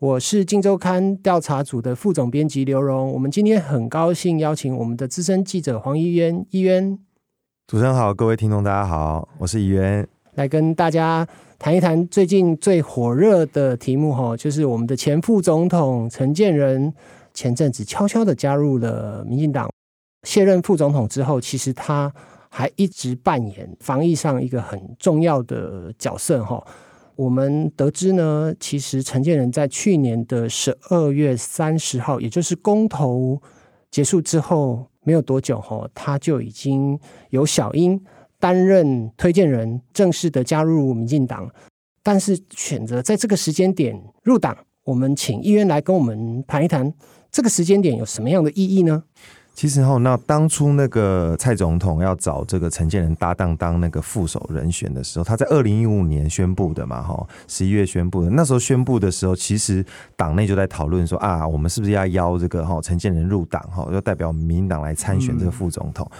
我是《鏡週刊》調查組的副總編輯劉榮，我們今天很高興邀請我們的資深記者黃怡淵。怡淵，主持人好，各位聽眾大家好，我是怡淵，來跟大家談一談最近最火熱的題目吼，就是我們的前副總統陳建仁前陣子悄悄地加入了民進黨，卸任副總統之後，其實他還一直扮演防疫上一個很重要的角色吼。我們得知呢，其實陳建仁在去年的十二月三十號，也就是公投結束之後沒有多久，哦，吼，他就已經由小英擔任推薦人，正式的加入民進黨。但是選擇在這個時間點入黨，我們請議員來跟我們談一談，這個時間點有什麼樣的意義呢？其實哈，那當初那個蔡總統要找這個陳建仁搭檔當那個副手人選的時候，他在二零一五年宣布的嘛，哈，十一月宣布的。那時候宣布的時候，其實黨內就在討論說啊，我們是不是要邀這個哈陳建仁入黨，哈，要代表民進黨來參選這個副總統。嗯、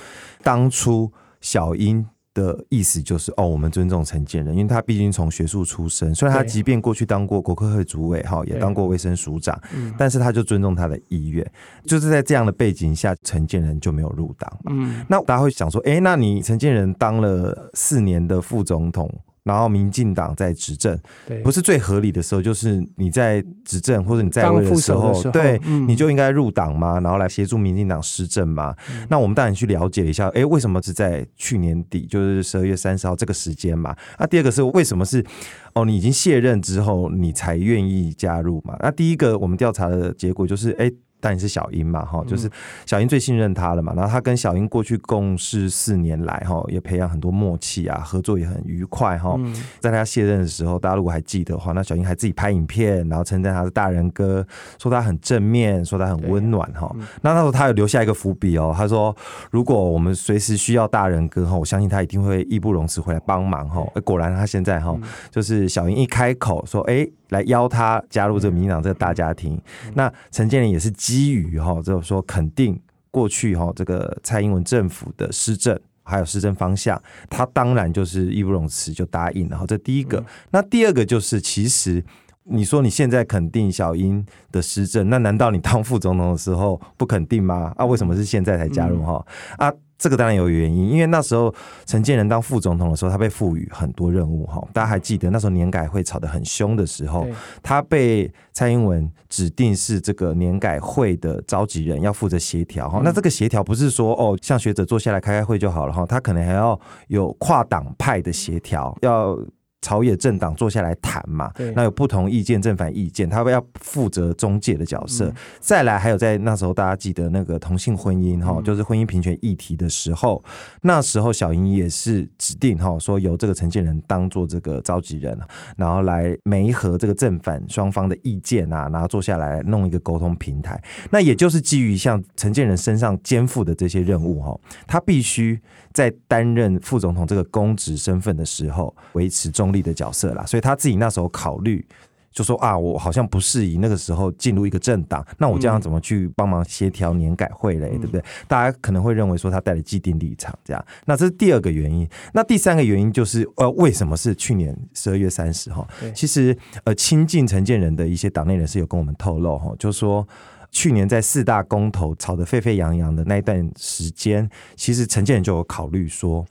當初小英。的意思就是哦，我們尊重陳建仁，因為他畢竟從學術出身，雖然他即便過去當過國科會主委哈，也當過衛生署長，但是他就尊重他的意願，嗯，就是在這樣的背景下，陳建仁就沒有入黨。嗯，那大家會想說，哎，欸，那你陳建仁當了四年的副總統。然後民進黨在執政，對，不是最合理的時候，就是你在執政或者你在位的，的時候，對嗯嗯，你就應該入黨嘛，然後來協助民進黨施政嘛、嗯。那我們帶你去了解一下，哎，為什麼是在去年底，就是十二月三十號這個時間嘛？那、啊、第二個是為什麼是，哦，你已經卸任之後，你才願意加入嘛？那、啊、第一個我們調查的結果就是，哎。但也是小英嘛？哈，就是小英最信任他了嘛。嗯、然後他跟小英過去共事四年來，哈，也培養很多默契啊，合作也很愉快哈、嗯。在他卸任的時候，大家如果還記得的話，那小英還自己拍影片，然後稱讚他是大仁哥，說他很正面，說他很溫暖哈。那他說他有留下一個伏筆哦，他說如果我們隨時需要大仁哥哈，我相信他一定會義不容辭回來幫忙哈。果然他現在哈，就是小英一開口說，哎，來邀他加入這個民進黨這個大家庭、嗯，那陳建仁也是。基於哈，就是說肯定過去哈，這個蔡英文政府的施政，還有施政方向，他當然就是義不容辭就答應了。然後這第一個，那第二個就是其實。你說你現在肯定小英的施政，那難道你當副總統的時候不肯定嗎？啊，為什麼是現在才加入哈、嗯？啊，這個當然有原因，因為那時候陳建仁當副總統的時候，他被賦予很多任務哈。大家還記得那時候年改會吵得很凶的時候，他被蔡英文指定是這個年改會的召集人，要負責協調哈。那這個協調不是說哦，像學者坐下來開開會就好了哈，他可能還要有跨黨派的協調要。朝野政黨坐下來談嘛，對，那有不同意見，正反意見，他要負責中介的角色。嗯、再來，還有在那時候，大家記得那個同性婚姻哈，嗯，就是婚姻平權議題的時候，那時候小英也是指定哈，說由這個陳建仁當做這個召集人，然後來媒合這個正反雙方的意見啊，然後坐下來弄一個溝通平台。那也就是基於像陳建仁身上肩負的這些任務哈，他必須。在擔任副總統這個公職身份的時候，維持中立的角色啦，所以他自己那時候考慮就說啊，我好像不適宜那個時候進入一個政黨，那我這樣怎麼去幫忙協調年改會嘞、嗯？對不對？大家可能會認為說他帶了既定立場，這樣。那這是第二個原因。那第三個原因就是呃，為什麼是去年十二月三十號？其實呃，親近陳建仁的一些黨內人士有跟我們透露哈，就是說。去年在四大公投吵得沸沸揚揚的那一段時間，其實陳建仁就有考慮說。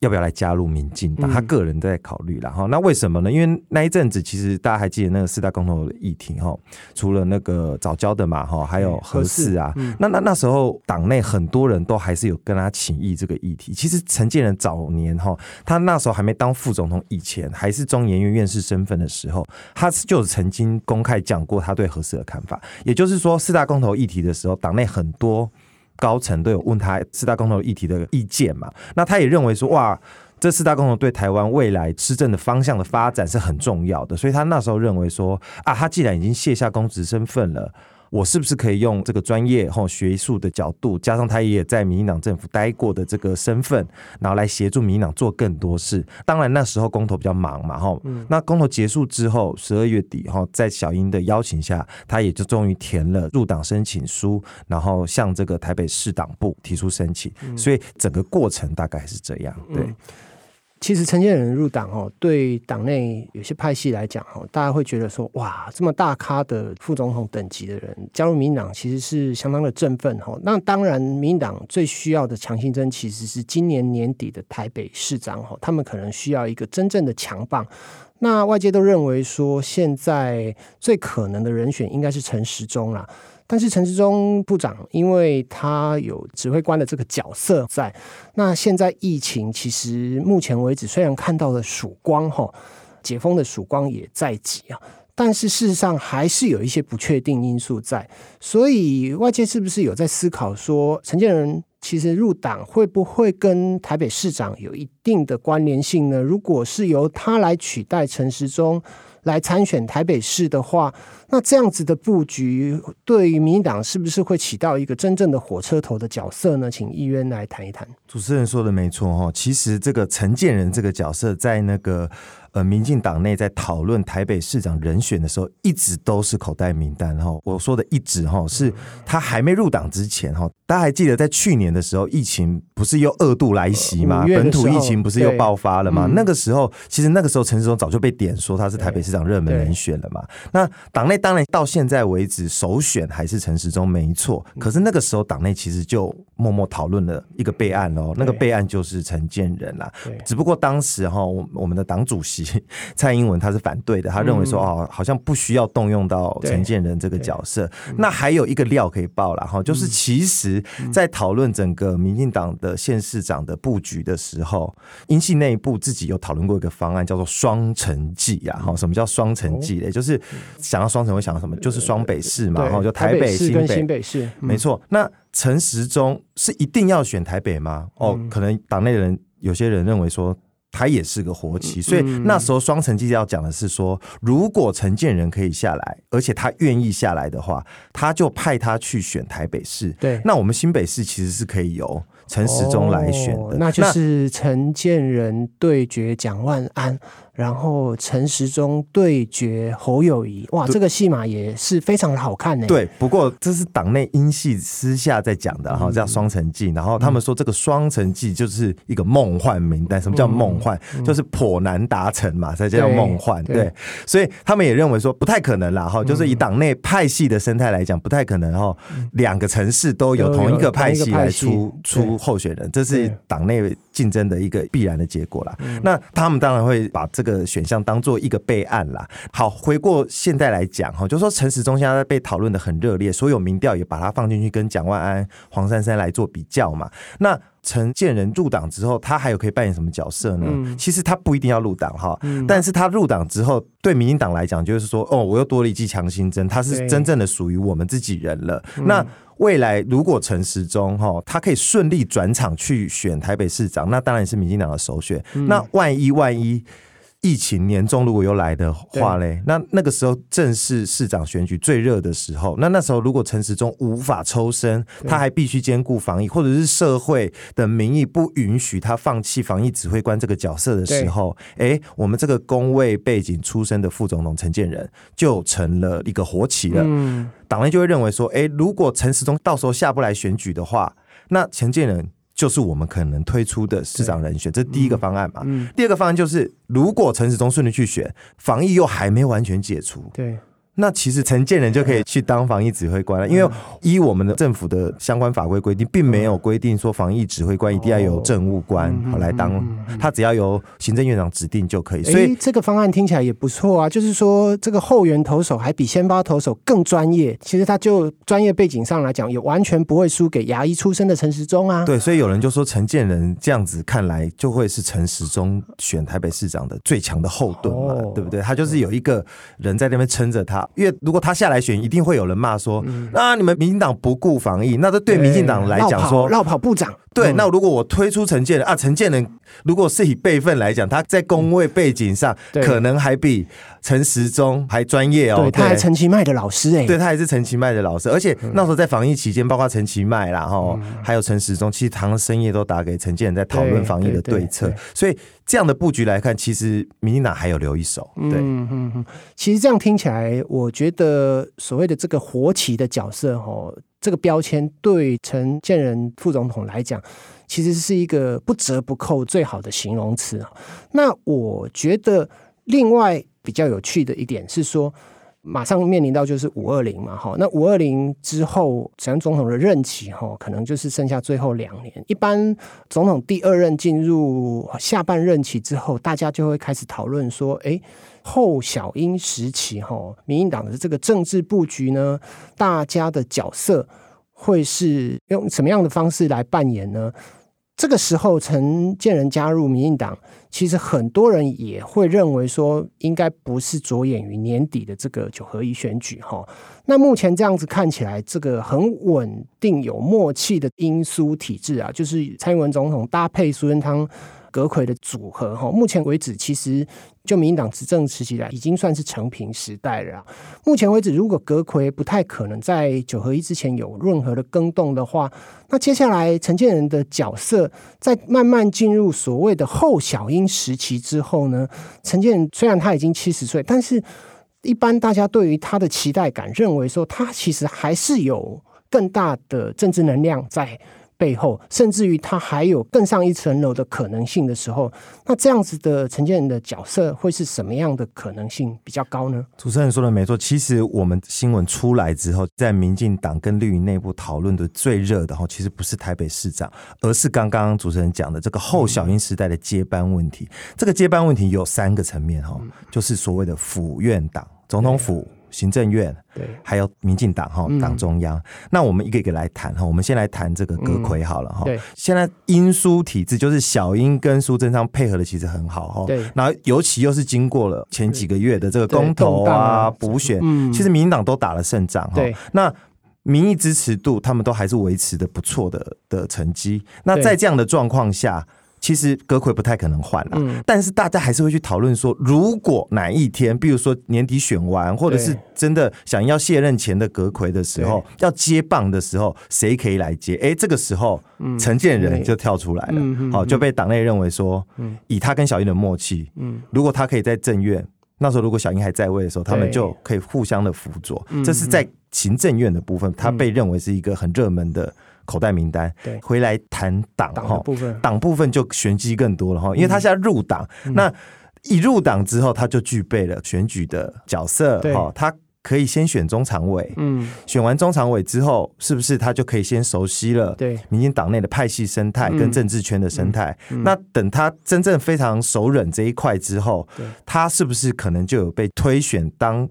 要不要來加入民進黨？他個人在考慮，然、嗯、後那為什麼呢？因為那一陣子，其實大家還記得那個四大公投的議題哈，除了那個藻礁的嘛哈，還有核四啊。核四嗯、那那那時候黨內很多人都還是有跟他請益這個議題。其實陳建仁早年哈，他那時候還沒當副總統以前，還是中研院院士身份的時候，他就曾經公開講過他對核四的看法。也就是說，四大公投議題的時候，黨內很多。高層都有問他四大公投議題的意見嘛，那他也認為說，哇，這四大公投對台灣未來施政的方向的發展是很重要的，所以他那時候認為說，啊，他既然已經卸下公職身份了。我是不是可以用這個專業或學術的角度，加上他也在民進黨政府待過的這個身份，然後來協助民進黨做更多事？當然那時候公投比較忙嘛哈、嗯。那公投結束之後，十二月底哈，在小英的邀請下，他也就終於填了入黨申請書，然後向這個台北市黨部提出申請。所以整個過程大概是這樣，對。嗯其實陳建仁入黨，對黨內有些派系來講，大家會覺得說，哇，這麼大咖的副總統等級的人加入民黨，其實是相當的振奮。那當然，民黨最需要的強心針其實是今年年底的台北市長，他們可能需要一個真正的強棒。那外界都認為說，現在最可能的人選應該是陳時中了。但是陳時中部長，因為他有指揮官的這個角色在，那現在疫情其實目前為止雖然看到了曙光，吼解封的曙光也在即啊，但是事實上還是有一些不確定因素在，所以外界是不是有在思考說，陳建仁其實入黨會不會跟台北市長有一定的關聯性呢？如果是由他來取代陳時中？來參選台北市的話，那這樣子的布局對於民進黨是不是會起到一個真正的火車頭的角色呢？請議員來談一談。主持人說的沒錯哈，其實這個陳建仁這個角色在那個。呃，民進黨內在討論台北市長人選的時候，一直都是口袋名單。哈，我說的一直哈，是他還沒入黨之前哈。大家還記得在去年的時候，疫情不是又二度來襲嗎？本土疫情不是又爆發了嗎？那個時候，其實那個時候陳時中早就被點說他是台北市長熱門人選了嘛。那黨內當然到現在為止，首選還是陳時中沒錯。可是那個時候黨內其實就。默默討論了一個備案哦，那個備案就是陳建仁啦。只不過當時哈、哦，我們的黨主席蔡英文他是反對的，他認為說、嗯、哦，好像不需要動用到陳建仁這個角色、嗯。那還有一個料可以爆了哈，就是其實在討論整個民進黨的縣市長的布局的時候，英、嗯、系、嗯、內部自己有討論過一個方案，叫做雙城記呀、啊。哈、嗯，什麼叫雙城記呢、哦？就是想到雙城會想到什麼？就是雙北市嘛。對。然後、哦、就台北，台北，市跟新、北新北市、嗯。沒錯。那陳時中是一定要選台北嗎？哦，嗯、可能黨內人有些人認為說，他也是個活棋、嗯，所以那時候雙城記者要講的是說，如果陳建仁可以下來，而且他願意下來的話，他就派他去選台北市。對，那我們新北市其實是可以有。陳時中來選的，哦、那就是陳建仁對決蔣萬安，然後陳時中對決侯友宜。哇，這個戲碼也是非常的好看呢。對，不過這是黨內英系私下在講的，哈，叫雙城記、嗯。然後他們說這個雙城記就是一個夢幻名單，嗯、什麼叫夢幻、嗯？就是頗難達成嘛，才叫夢幻對對。對，所以他們也認為說不太可能啦，哈，就是以黨內派系的生態來講、嗯，不太可能哈，兩個城市都有同一個派系來出出候選人，這是黨內競爭的一個必然的結果了、嗯。那他們當然會把這個選項當做一個備案了。好，回過現在來講哈，就是說陳時中現在被討論得很熱烈，所有民調也把他放進去跟蔣萬安、黃珊珊來做比較嘛。那陳建仁入黨之後，他還有可以扮演什麼角色呢？嗯、其實他不一定要入黨哈、嗯，但是他入黨之後，對民進黨來講，就是說，哦，我又多了一劑強心針，他是真正的屬於我們自己人了。那未來如果陳時中哈、哦，他可以順利轉場去選台北市長，那當然也是民進黨的首選、嗯。那萬一萬一。疫情年終如果又來的話嘞，那那個時候正是市長選舉最熱的時候。那那時候如果陳時中無法抽身，他還必須兼顧防疫，或者是社會的民意不允許他放棄防疫指揮官這個角色的時候，哎，我們這個公衛背景出身的副總統陳建仁就成了一個活棋了、嗯。黨內就會認為說，哎，如果陳時中到時候下不來選舉的話，那陳建仁。就是我們可能推出的市長人選，這是第一個方案嘛、嗯嗯？第二個方案就是，如果陳時中順利去選，防疫又還沒完全解除，對。那其實陳建仁就可以去當防疫指揮官了，因為依我們的政府的相關法規規定，並沒有規定說防疫指揮官一定要由政務官來當，哦嗯嗯、他只要由行政院長指定就可以。欸、所以這個方案聽起來也不錯啊，就是說這個後援投手還比先發投手更專業。其實他就專業背景上來講，也完全不會輸給牙醫出身的陳時中啊。對，所以有人就說陳建仁這樣子看來就會是陳時中選台北市長的最強的後盾嘛，哦、對不對？他就是有一個人在那邊撐着他。因為如果他下來選，一定會有人罵說：“那、嗯啊、你們民進黨不顧防疫，那這對民進黨來講說，落跑、嗯、落跑部長。”對，那如果我推出陳建仁，啊，陳建仁如果是以輩分來講，他在公衛背景上，可能還比陳時中還專業哦。嗯、對，對，對，他還是陳其邁的老師哎、欸，對他還是陳其邁的老師，嗯，而且那時候在防疫期間，包括陳其邁啦，哈、嗯，還有陳時中，其實常常深夜都打給陳建仁在討論防疫的對策。對對對對，所以這樣的布局來看，其實民進黨還有留一手。嗯嗯嗯，其實這樣聽起來，我覺得所謂的這個活棋的角色、哦這個標籤對陳建仁副總統來講，其實是一個不折不扣最好的形容詞。那我覺得另外比較有趣的一點是說。馬上面臨到就是五二零嘛，哈，那五二零之後，前總統的任期哈，可能就是剩下最後兩年。一般總統第二任進入下半任期之後，大家就會開始討論說，哎，後小英時期哈，民進黨的這個政治布局呢，大家的角色會是用什麼樣的方式來扮演呢？這個時候，陳建仁加入民進黨，其實很多人也會認為說，應該不是着眼於年底的這個九合一選舉，哈。那目前這樣子看起來，這個很穩定、有默契的英蘇體制啊，就是蔡英文總統搭配蘇貞昌。閣揆的組合哈，目前為止其實就民進黨執政時期來，已經算是承平時代了。目前為止，如果閣揆不太可能在九合一之前有任何的更動的話，那接下來陳建仁的角色在慢慢進入所謂的後小英時期之後呢？陳建仁雖然他已經七十歲，但是一般大家對於他的期待感，認為說他其實還是有更大的政治能量在。背後，甚至於他還有更上一層樓的可能性的時候，那這樣子的陳建仁的角色會是什麼樣的可能性比較高呢？主持人說的沒錯，其實我們新聞出來之後，在民進黨跟綠營內部討論的最熱的哈，其實不是台北市長，而是剛剛主持人講的這個後小英時代的接班問題。嗯、這個接班問題有三個層面哈、嗯，就是所謂的府院黨、總統府。行政院，還有民進黨哈，黨中央、嗯。那我們一個一個來談哈，我們先來談這個閣揆好了哈、嗯。現在英蘇體制就是小英跟蘇貞昌配合的其實很好哈。那尤其又是經過了前幾個月的這個公投啊、補選、嗯，其實民進黨都打了勝仗哈、嗯。那民意支持度他們都還是維持的不錯的的成績。那在這樣的狀況下。其實閣揆不太可能換了、嗯，但是大家還是會去討論說，如果哪一天，比如說年底選完，或者是真的想要卸任前的閣揆的時候，要接棒的時候，誰可以來接？哎，這個時候，陳、嗯、建仁就跳出來了，好、嗯嗯嗯哦、就被黨內認為說、嗯，以他跟小英的默契，嗯，如果他可以在政院，那時候如果小英還在位的時候，他們就可以互相的輔佐，這是在行政院的部分、嗯嗯，他被認為是一個很熱門的。口袋名單，對，回來談黨部分，黨部分就玄機更多了哈，因為他現在入黨、嗯，那一入黨之後，他就具備了選舉的角色，他可以先選中常委、嗯，選完中常委之後，是不是他就可以先熟悉了？對，民進黨內的派系生態跟政治圈的生態、嗯，那等他真正非常熟稔這一塊之後，他是不是可能就有被推選當？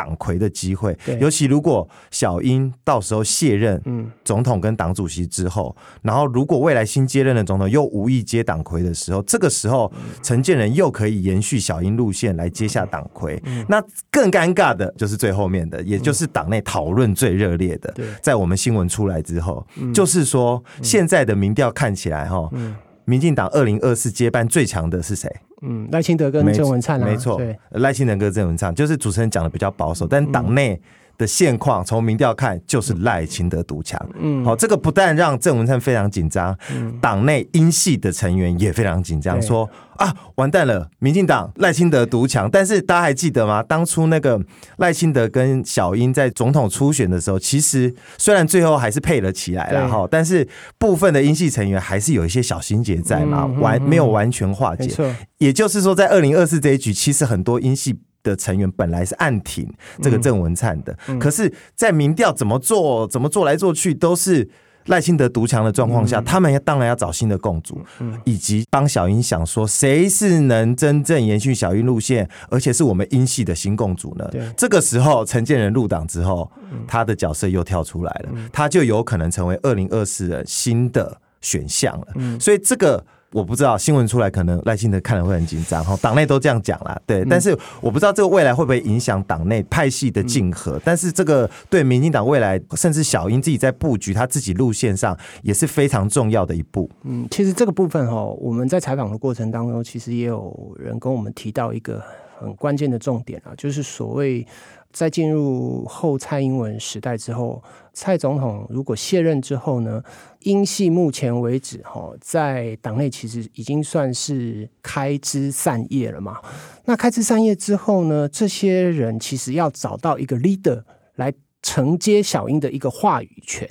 黨魁的機會，尤其如果小英到時候卸任總統跟黨主席之後、嗯，然後如果未來新接任的總統又無意接黨魁的時候，這個時候陳建仁又可以延續小英路線來接下黨魁。嗯、那更尷尬的就是最後面的，也就是黨內討論最熱烈的，嗯、在我們新聞出來之後、嗯，就是說現在的民調看起來哈。嗯嗯民進黨二零二四接班最強的是誰？嗯，賴清德跟鄭文燦、啊。沒錯，賴清德跟鄭文燦就是主持人講的比較保守，但黨內、嗯。嗯的現況，從民調看就是賴清德獨強。嗯，好、哦，這個不但讓鄭文燦非常緊張，黨內英系的成員也非常緊張，說啊，完蛋了，民進黨賴清德獨強。但是大家還記得嗎？當初那個賴清德跟小英在總統初選的時候，其實雖然最後還是配了起來了哈，但是部分的英系成員還是有一些小心結在嘛，嗯、哼哼哼完沒有完全化解。也就是說，在二零二四這一局，其實很多英系。的成員本來是暗挺這個鄭文燦的、嗯嗯，可是，在民調怎麼做、怎麼做來做去，都是賴清德獨強的狀況下、嗯嗯，他們要當然要找新的共主，嗯、以及幫小英想說誰是能真正延續小英路線，而且是我們英系的新共主呢？這個時候，陳建仁入黨之後、嗯，他的角色又跳出來了，嗯、他就有可能成為二零二四的新的選項了、嗯。所以這個。我不知道新聞出來，可能賴清德看了會很緊張。哈，黨內都這樣講啦。對、嗯。但是我不知道這個未來會不會影響黨內派系的競合、嗯。但是這個對民進黨未來，甚至小英自己在布局他自己路線上，也是非常重要的一步。嗯，其實這個部分哈，我們在採訪的過程當中，其實也有人跟我們提到一個很關鍵的重點啊，就是所謂。在進入後蔡英文時代之後，蔡總統如果卸任之後呢，英系目前為止哈，在黨內其實已經算是開枝散葉了嘛。那開枝散葉之後呢，這些人其實要找到一個 leader 來承接小英的一個話語權。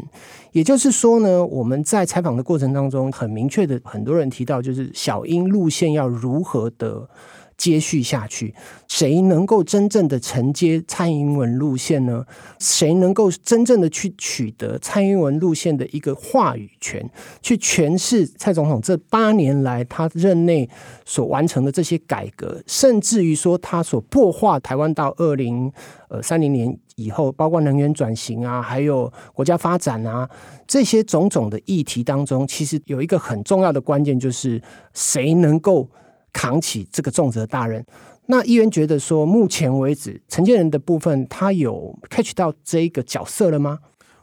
也就是說呢，我們在採訪的過程當中，很明確的，很多人提到就是小英路線要如何的。接續下去，誰能夠真正的承接蔡英文路線呢？誰能夠真正的去取得蔡英文路線的一個話語權，去詮釋蔡總統這八年來他任內所完成的這些改革，甚至於說他所破壞台灣到二零呃三零年以後，包括能源轉型啊，還有國家發展啊這些種種的議題當中，其實有一個很重要的關鍵，就是誰能夠。扛起這個重責大任，那議員覺得說，目前為止陳建仁的部分，他有 catch 到這一個角色了嗎？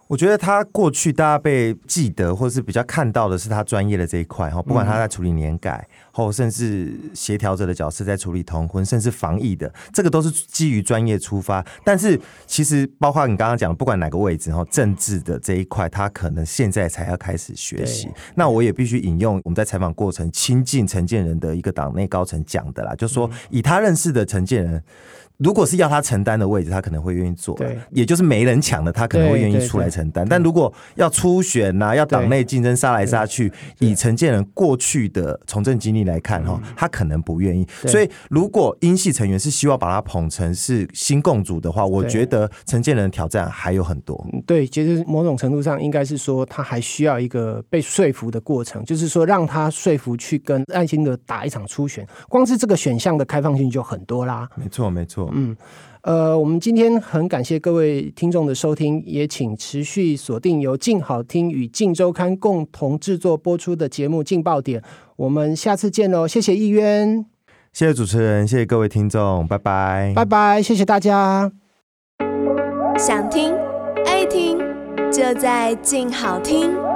我覺得他過去大家被記得或者是比較看到的是他專業的這一塊，哈、嗯，不管他在處理年改，後甚至協調者的角色在處理同婚，甚至防疫的，這個都是基於專業出發。但是其實包括你剛剛講，不管哪個位置，哈，政治的這一塊，他可能現在才要開始學習。那我也必須引用我們在採訪過程親近陳建仁的一個黨內高層講的啦，嗯、就是說以他認識的陳建仁。如果是要他承擔的位置，他可能會願意做，對，也就是沒人搶的，他可能會願意出來承擔。但如果要初選啊，要黨內競爭殺來殺去，以陳建仁過去的從政經歷來看，哈，他可能不願意。所以，如果英系成員是希望把他捧成是新共主的話，我覺得陳建仁挑戰還有很多。對，其實某種程度上應該是說，他還需要一個被說服的過程，就是說讓他說服去跟愛心的打一場初選。光是這個選項的開放性就很多啦。沒錯，沒錯。嗯，呃，我們今天很感謝各位聽眾的收聽，也請持續鎖定由鏡好聽與鏡週刊共同製作播出的節目《鏡爆點》，我們下次見哦，謝謝意淵，謝謝主持人，謝謝各位聽眾，拜拜，拜拜，謝謝大家。想聽愛聽，就在鏡好聽。